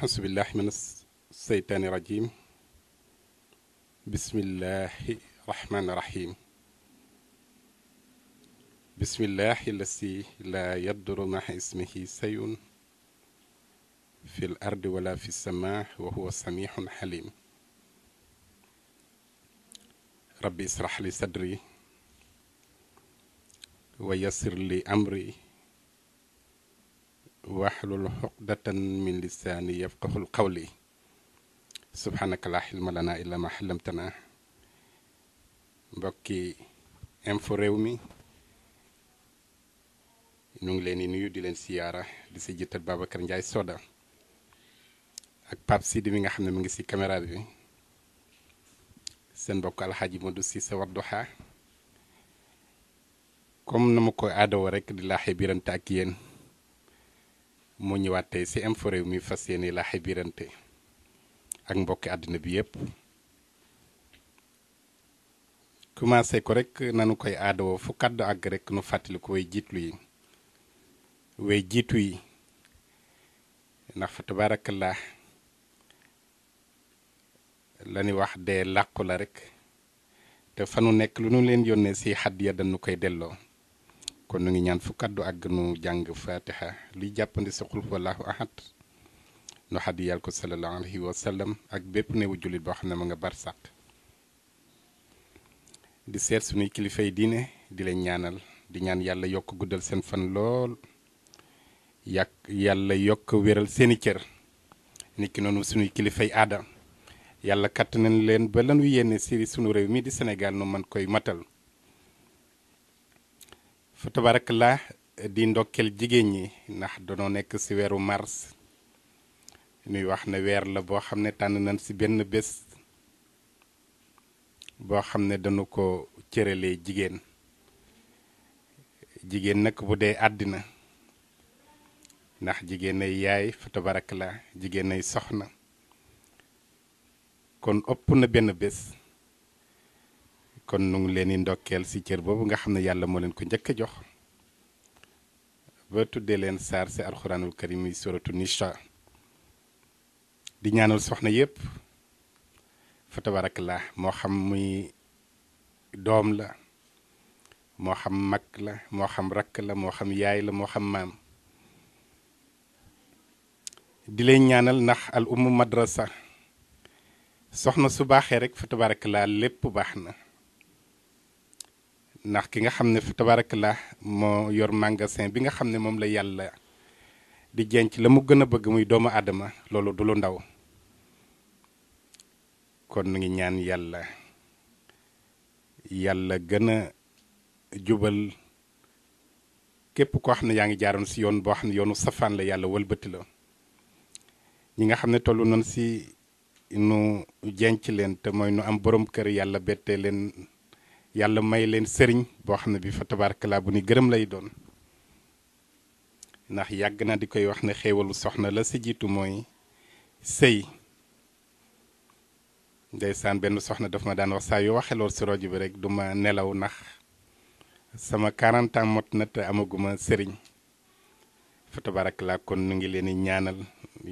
حسب الله من الشيطان الرجيم بسم الله الرحمن الرحيم بسم الله الذي لا يضر مع اسمه شيء في الأرض ولا في السماء وهو سميع حليم ربي اشرح لي صدري ويسر لي أمري waxlul xuqdatan min lisaani yafqahul qawli subhanaka laa xilma lana illa ma xalamtana mbokki info réew mi ñu ngi leen di nuyu di leen siyaara di si jëttal Babacar Ndiaye Soda ak Pape Sidi mi nga xam ne mu ngi ci caméra bi seen mbokk alxaaji Modou Cissé Wadduha comme na ma ko aadawoo rek di laaxee birante ak yéen moo ñëwaat tey ci info mi fas yéene la xibirante ak mbokki àddina bi yépp commencé ko rek nanu koy aadawoo fu kàddu àgg rek nu fàttali ko way jiitlu yi way jiitu yi ndax fa tabaarakallah la ñuy wax dee làqu la rek te fanu nekk lu nu leen yónnee ci xadd ya dañu koy delloo kon nu ngi ñaan fu kàddu ak nu jàng fatiha liy jàppandi si xul wallahu ahad nu xaddi yàlla ko sallallahu alayhi wa ak bépp newu jullit boo xam ne ma nga bar sàq di seet suñuy kilifa yi diine di leen ñaanal di ñaan yàlla yokk guddal seen fan lool yàq yàlla yokk wéral seeni cër nit ki noonu suñuy kilifay aada yàlla katt nañ leen ba lañu yenn si sunu réew mi di senegal nu man koy matal foto tabarakallah di ndokkeel jigéen ñi ndax danoo nekk ci weeru mars nuy wax ne weer la boo xam ne tànn nañ ci benn bés boo xam ne dañu ko cëralee jigéen jigéen nag bu dee àddina ndax jigéen ay yaay fa tabarakallah jigéen ay soxna kon ëpp na benn bés kon nu ngi leen di ndokkeel si cër boobu nga xam ne yàlla moo leen ko njëkk a jox ba tuddee leen saar si alxuraanul karim yi suratu nisha di ñaanal soxna yépp fa tabarakallah moo xam muy doom la moo xam mag la moo xam rakk la moo xam yaay la moo xam maam di leen ñaanal ndax al ummu madrasa soxna su baaxee rek fa tabarakallah lépp baax na ndax ki nga xam ne fi la moo yor magasin bi nga xam ne moom la yàlla di jenc la mu gën a bëgg muy doomu aadama loolu du lu ndaw kon nu ngi ñaan yàlla yàlla gën a jubal képp koo xam ne yaa ngi jaaroon si yoon boo xam ne yoonu safaan la yàlla wëlbati la ñi nga xam ne tollu noonu si nu jenc leen te mooy nu am boroom kër yàlla bettee leen yàlla may leen sëriñ boo xam ne bi fa tabaarakalaa bu ni gërëm lay doon ndax yàgg na di koy wax ne xéewalu soxna la si jiitu mooy sëy ndeysaan benn soxna dafa ma daan wax saa yu waxe lool si rajo bi rek duma nelaw ndax sama 40 mot na te amaguma sëriñ fa tabaarakalaa kon nu ngi leen di ñaanal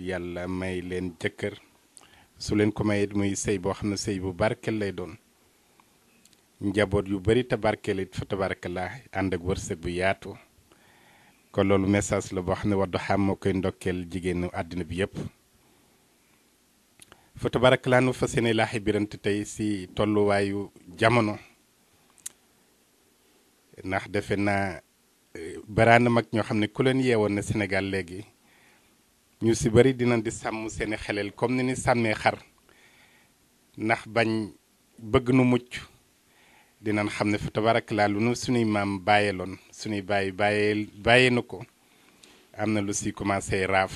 yàlla may leen jëkkër su leen ko mayee muy sëy boo xam ne sëy bu barkeel lay doon njaboot yu bari tabarkeel it fa tabarakallaa ànd ak wërsëg bu yaatu ko loolu message la boo xam ne Wadduha moo koy ndokkeel jigéenu àddina bi yépp fa tabarakallaa nu seeni yéene laaxi birante tey si tolluwaayu jamono ndax defe naa e, baraana mag ñoo xam ne ku leen yeewoon na senegal léegi ñu ci bari dina di sàmm seeni xeleel comme ni ni sàmmee xar ndax bañ bëgg nu mucc dinañ xam ne fa tabarakala lu nu suñuy maam bàyyeeloon suñuy bàyyi bàyyee bàyyee na ko am na lu si commencé raaf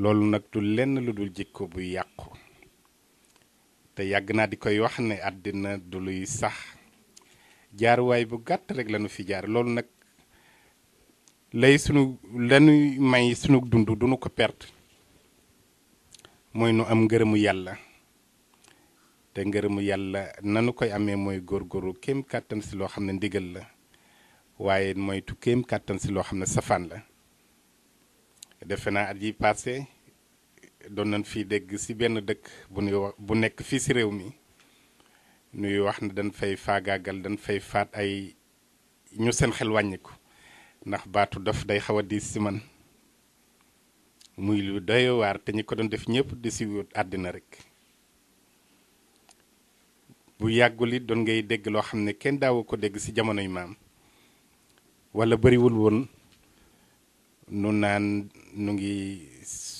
loolu nag du lenn lu dul jikko bu yàqu te yàgg naa di koy wax ne àddina du luy sax jaaruwaay bu gàtt rek lañu fi jaar loolu nag lay sunu lañuy may sunu dund duñu ko perte mooy nu am ngërëmu yàlla te ngërëmu yàlla nanu koy amee mooy góor góoru kéem kàttan si loo xam ne ndigal la waaye moytu kem kàttan si loo xam ne safaan la defe naa at yi passé doon nañ fii dégg si benn dëkk bu nekk fii si réew mi nuy wax ne dañ fay faagaagal dañ fay faat ay ñu seen xel wàññiku ndax baatu dof day xaw a diis si man muy lu doy te ñi ko doon def ñëpp di si wut àddina rekk bu yàggul don ngay hamne lo xamne ken kenn daawu ko dégg ci jamonoy maam walla bariwul nu nan nu ngi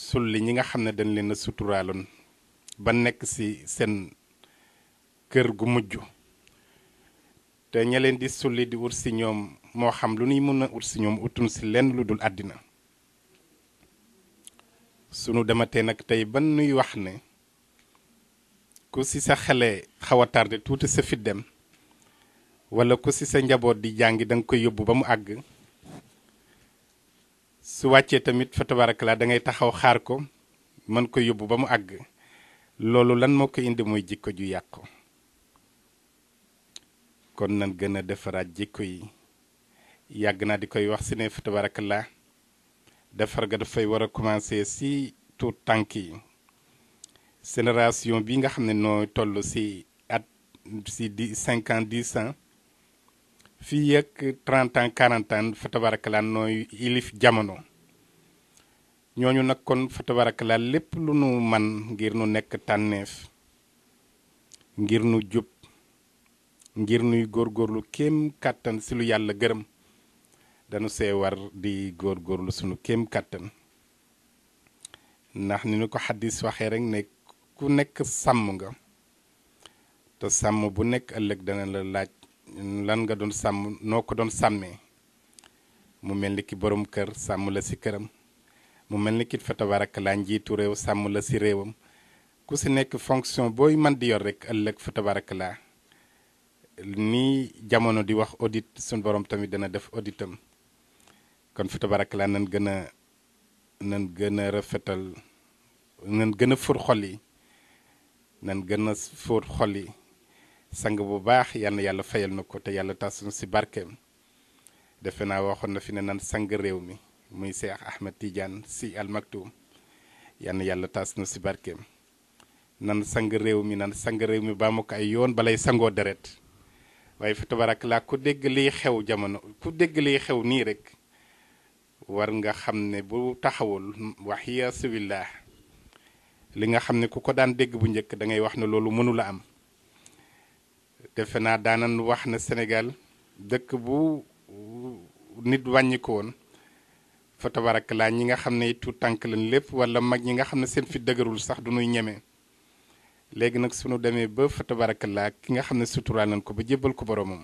sulli ñi nga xamne dañ leen suturalon ba nek ci sen kër gu mujju te ñaleen di sulli di wur ci ñoom mo xam lu ñuy mëna wur ci ñoom utun ci len adina adina sunu sunu te nak tay ban nuy wax ne ku si sa xale xaw a tardé tuuti sa fit dem wala ku si sa njaboot di jàngi da nga koy yóbbu ba mu àgg su wàccee tamit fa tabarakalaa da ngay taxaw xaar ko mën ko yóbbu lan indi mooy jikko ju yàqu kon nan gën a jikko yi yàgg naa di wax si ne fa defar ga si génération bi nga xam ne noo toll si at si di cinq ans dix ans fii ak trente ans nooy ilif jamono ñooñu nag kon fa lépp lu nu man ngir nu nekk tànneef ngir nu jub ngir nuy góorgóorlu kéem kàttan si lu yàlla gërëm dañu sewar di góor góorlu sunu kéem kàttan ndax ni nu ko xaddis waxee rek nekk ku nekk sàmm nga te sàmm bu nekk ëllëg dana la laaj lan nga doon sàmm noo ko doon sàmmee mu mel ni ki boroom kër sàmm la si këram mu mel ni ki fa tabarak laa njiitu réew sàmm la si réewam ku si nekk fonction booy man di yor rek ëllëg fa tabarak laa nii jamono di wax audit suñ boroom tamit dana def auditam kon fa tabarak laa nan gën a nan gën a nan gën a fur xol yi nan gën a fóot xol yi sang bu baax yàlla yàlla fayal na ko te yàlla tasunu si barkeem defe na waxoon na fi ne nan sang réew mi muy Cheikh Ahmed Tidiane Sy Al Maktoum yal na yàlla tasunu si barkeem nan sang réew mi nan sang réew mi baa mu ko ay yoon balay sangoo deret waaye fa laa ku dégg liy xew jamono ku dégg liy xew nii rek war nga xam ne bu taxawul wax yasubillah li nga xam ne ku ko daan dégg bu njëkk da ngay wax ne loolu mënula am defe naa daanan wax na senegal dëkk bu nit wàññi ko woon laa ñi nga xam ne tout tànk lañ lépp wala mag ñi nga xam ne seen fi dëgërul sax du ñuy ñeme léegi nag sunu demee ba foto tabarak ki nga xam ne suturaal nañ ko ba jébbal ko boromam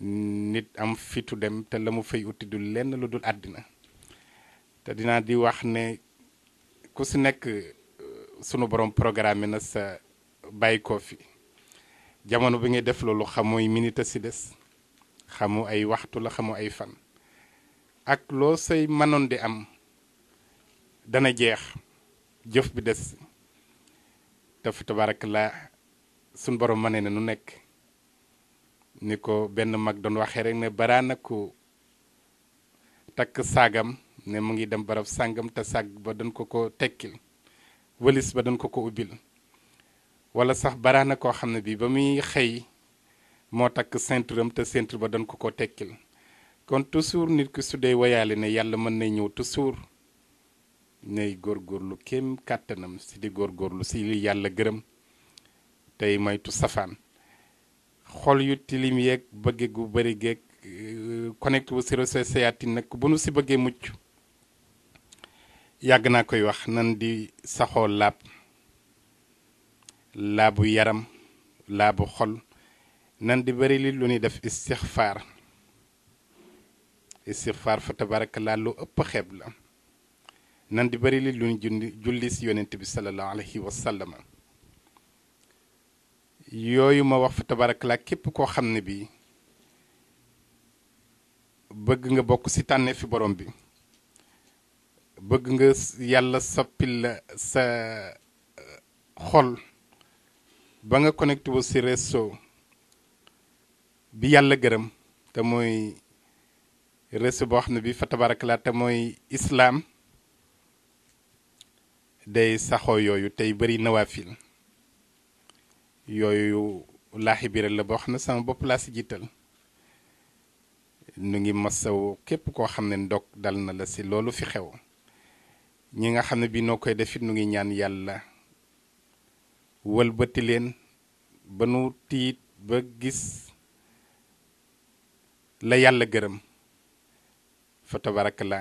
nit am fitu dem te la mu fay uti du lenn lu dul àddina te dinaa di wax ne ku si nekk sunu borom programme na sa bàyyi ko fi jamono bi ngay def loolu xamooy minute si des xamu ay waxtu la xamu ay fan ak loo say mënoon di am dana jeex jëf bi des daf tabarak la sunu borom ma ne na nu nekk ni ko benn mag doon waxee rek ne baraana ko takk saagam ne mu ngi dem barab sàngam te sàgg ba dañ ko ko tekkil wëlis ba dañ ko ko ubbil wala sax baraana koo xam ne bi ba muy xëy moo takk centre am te centre ba dañ ko ko tekkil kon toujours nit ki su dee woyaale ne yàlla mën na ñëw toujours nay góorgóorlu kéem kàttanam si di góorgóorlu si li yàlla gërëm tey moytu safaan xool yu tilim yeeg bëgge gu bëri geeg eh, connecte wu si réseau séyaatin nag bu nu si bëggee mucc yàgg naa koy wax nan di saxoo laab laabu yaram laabu xol nan di bari li lu ñuy def istighfar istighfar fa tabarakallah lu ëpp xeeb la nan di bari li lu ñu julli si yonent bi sallallahu alayhi wa sallam yooyu ma wax fa tabarakallah képp koo xam ne bii bëgg nga bokk si tànne fi borom bi bëgg nga yàlla soppil la sa euh, xol ba nga connecté wu si réseau bi yàlla gërëm te mooy réseau boo xam ne bi fa tabarakalaa te mooy islaam day saxoo yooyu tey bëri nawaafil yooyu laaxi biral la boo xam ne sama bopp laa si jiital nu ngi masawu képp koo xam ne ndog dal na la si loolu fi xew ñi nga xam ne bi noo koy defit nu ngi ñaan yàlla walbati leen ba nu tiit ba gis la yàlla gërëm fa tabaraka la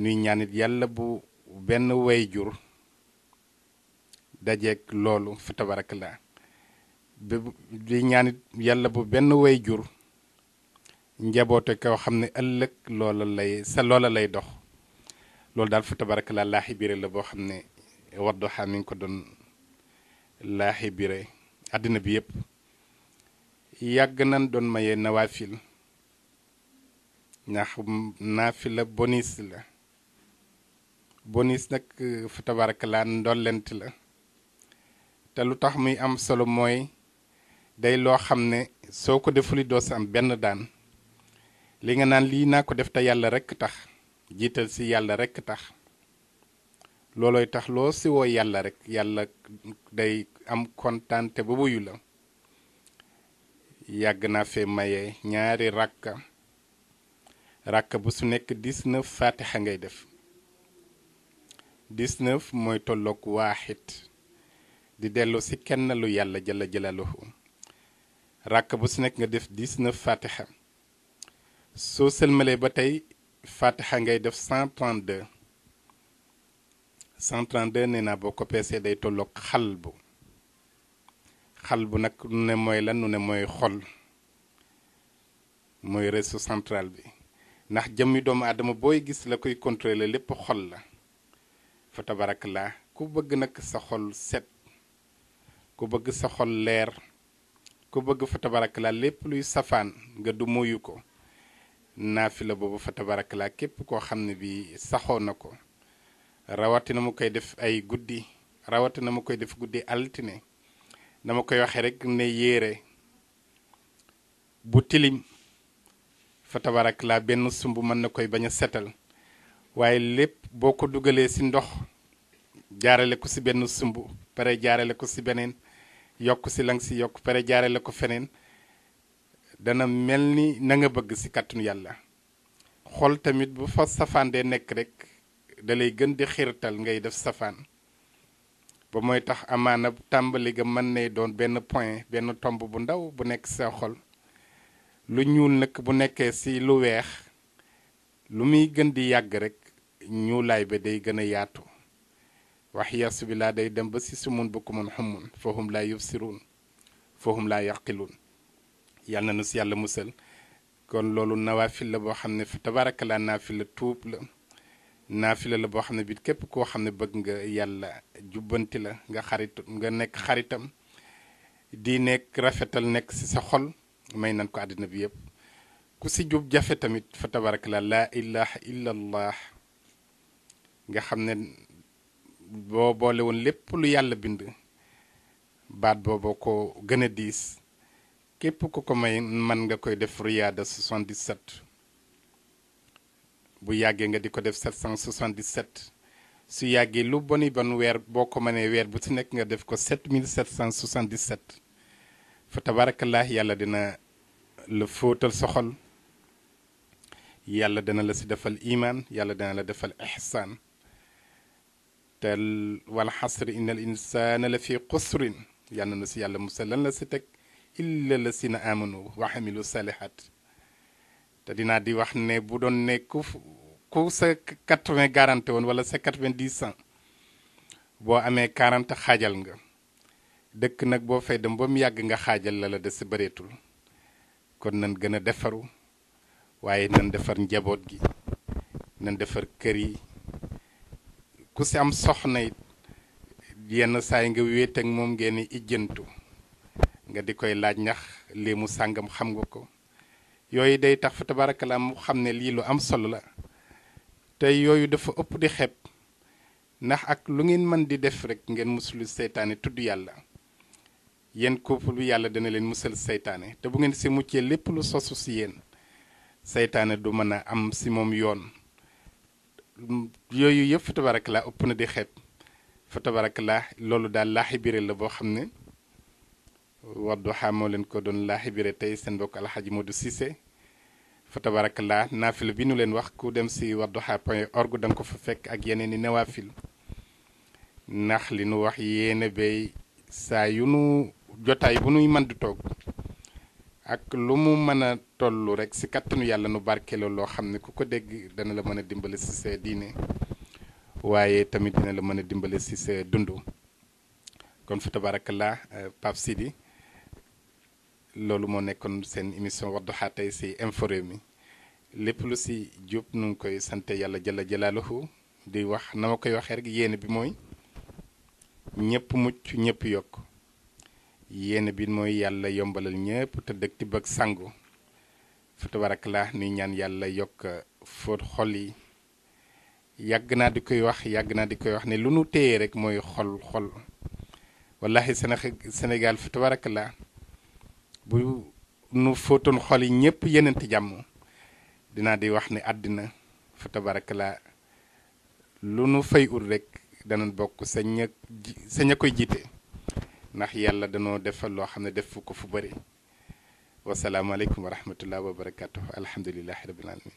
nuy ñaanit yàlla bu benn way jur dajeeg loolu fa tabaraka la di ñaanit yàlla bu benn way jur njaboote koo xam ne ëllëg loola lay sa loola lay dox loolu daal fa tabarakalla laaxi biire la boo xam ne Wadduha mi ngi ko doon laaxi biire àddina bi yëpp yàgg nañ doon maye nawaafil ndax naafila bonis la bonis nag fa tabarakalla ndollent la te lu tax muy am solo mooy day loo xam ne defuli doo am benn daan li nga naan lii naa def te yàlla rekk tax jiital ci yàlla rekk tax loolooy tax loo si woo yàlla rekk yàlla day am kontaante ba wuyu la yàgg naa fee maye ñaari ràkka ràkka bu su nekk 19 faatixa ngay def 19 mooy tolloog waaxit di dellu ci kenn lu yàlla jëla jëlaluhu ràkka bu su nekk nga def 19 faatixa soo sëlmalee ba tey fatiha ngay def 132 132 nee naa boo ko peesee day tolloog xal bu xal bu nag nu ne mooy lan nu ne mooy xol mooy réseau central bi ndax jëmmi doomu aadama booy gis la koy contrôler lépp xol la foto tabarak laa ku bëgg nag sa xol set ku bëgg sa xol leer ku bëgg foto barak la lépp luy safaan nga du muyu ko naafila boobu fa laa képp koo xam ne bi saxoo na ko rawatina mu koy def ay guddi rawatina mu koy def guddi altine dama koy waxee rek ne yére bu tilim fa tabarakalaa benn sumb mën na koy bañ a setal waaye lépp boo ko dugalee si ndox jaarale ko si benn sumb pare jaarale ko ci beneen yokk si lang si yokk pare jaarale ko feneen dana mel ni na nga bëgg ci kàttanu yàlla xol tamit bu fa safaan dee nekk rekk dalay gën di xiirtal ngay def safaan ba mooy tax amaana tàmbali ga mën nay doon benn point benn tomb bu ndaw bu nekk sa xol lu ñuul nag bu nekkee ci lu weex lu muy gën di yàgg rekk ñuulaay bi day gën a yaatu wax yasu bi laa day dem ba ci sumun bu ko mun xamun fahum laa yubsiruun fahum laa yaqiluun yàlla na nu yàlla musal kon loolu nawafil la boo xam ne tabaarakala naafila tuub la naafila la boo xam ne bi képp koo xam ne bëgg nga yàlla jubbanti la nga xarit nga nekk xaritam di nekk rafetal nekk si sa xol may nan ko àddina bi yëpp ku si jub jafe tamit fa tabaarakala la ilaha illa allah nga xam ne boo boole woon lépp lu yàlla bind baat booboo ko gën a diis képp ku ko may man nga koy def riyaada 77 bu yàggee nga di ko def 777 su yàggee lu boni bon weer boo ko mënee weer bu si nekk nga def ko 7777 fa tabarakallah yàlla dina la fóotal sa xol yàlla dana la si defal iman yàlla dana la defal ihsaan te wal xasri innal insaana la fi qusrin yàlla na si yàlla musal lan la si teg illa la sina amanu wa hamilu salihat te dinaa di wax ne bu doon ne ku ku sa 80 garanti woon wala sa 90 cent boo amee 40 xaajal nga dëkk nag boo fay dem ba mu yàgg nga xaajal la la des bëreetul kon nan gën a defaru waaye nan defar njaboot gi nan defar kër yi ku si am soxna it yenn saa yi nga wéet ak moom ngeen ijjantu nga di koy laaj ndax lii mu sàngam xam nga ko yooyu day tax fa tabaarakala mu xam ne lii lu am solo la te yooyu dafa ëpp di xeeb ndax ak lu ngeen mën di def rek ngeen musulu seytaane tudd yàlla yéen couple bi yàlla dina leen musal seytaane te bu ngeen si muccee lépp lu sosu si yéen seytaane du mën a am si moom yoon yooyu yëpp fa tabaarakala ëpp na di xeeb fa tabaarakala loolu daal laaxi biir la boo xam ne Wadduha moo leen ko doon laaxibire tey seen mbokk alxaji Modou Cissé barak la naafil bi nu leen wax ku dem si wadduha point org da ko fa fekk ak yeneen i newaafil ndax li nu wax yéene bay saa yu nu jotaay bu nuy mën di toog ak lu mu mën a toll rek si kàttanu yàlla nu barkeeloo loo xam ne ku ko dégg dana la mën a dimbale si sa diine waaye tamit dina la mën a dimbale si sa dund kon fa tabarakallah eh, Pape Sidi loolu moo nekkoon seen émission Wadduha tey si Infos Rewmi lépp lu si jub nu ngi koy sant yàlla jalla jalaaluhu di wax na ma koy waxee rek yéene bi mooy ñëpp mucc ñëpp yokk yéene bi mooy yàlla yombalal ñëpp te dëkk bëgg sangu fa tabarakallah nuy ñaan yàlla yokk fóot xol yi yàgg naa di koy wax yàgg naa di koy wax ne lu nu téye rek mooy xol xol wallahi Sénégal fa tabarakallah bu nu fóotoon xol yi ñëpp yenente jàmm dinaa di wax ne àddina fa tabaraka la lu nu fay ut rek danañ bokk sa ña sa ña koy jiite ndax yàlla danoo defal loo xam ne def fu ko fu bari wasalaamaaleykum wa rahmatullah wa barakatuh alhamdulilahi rabbil alamin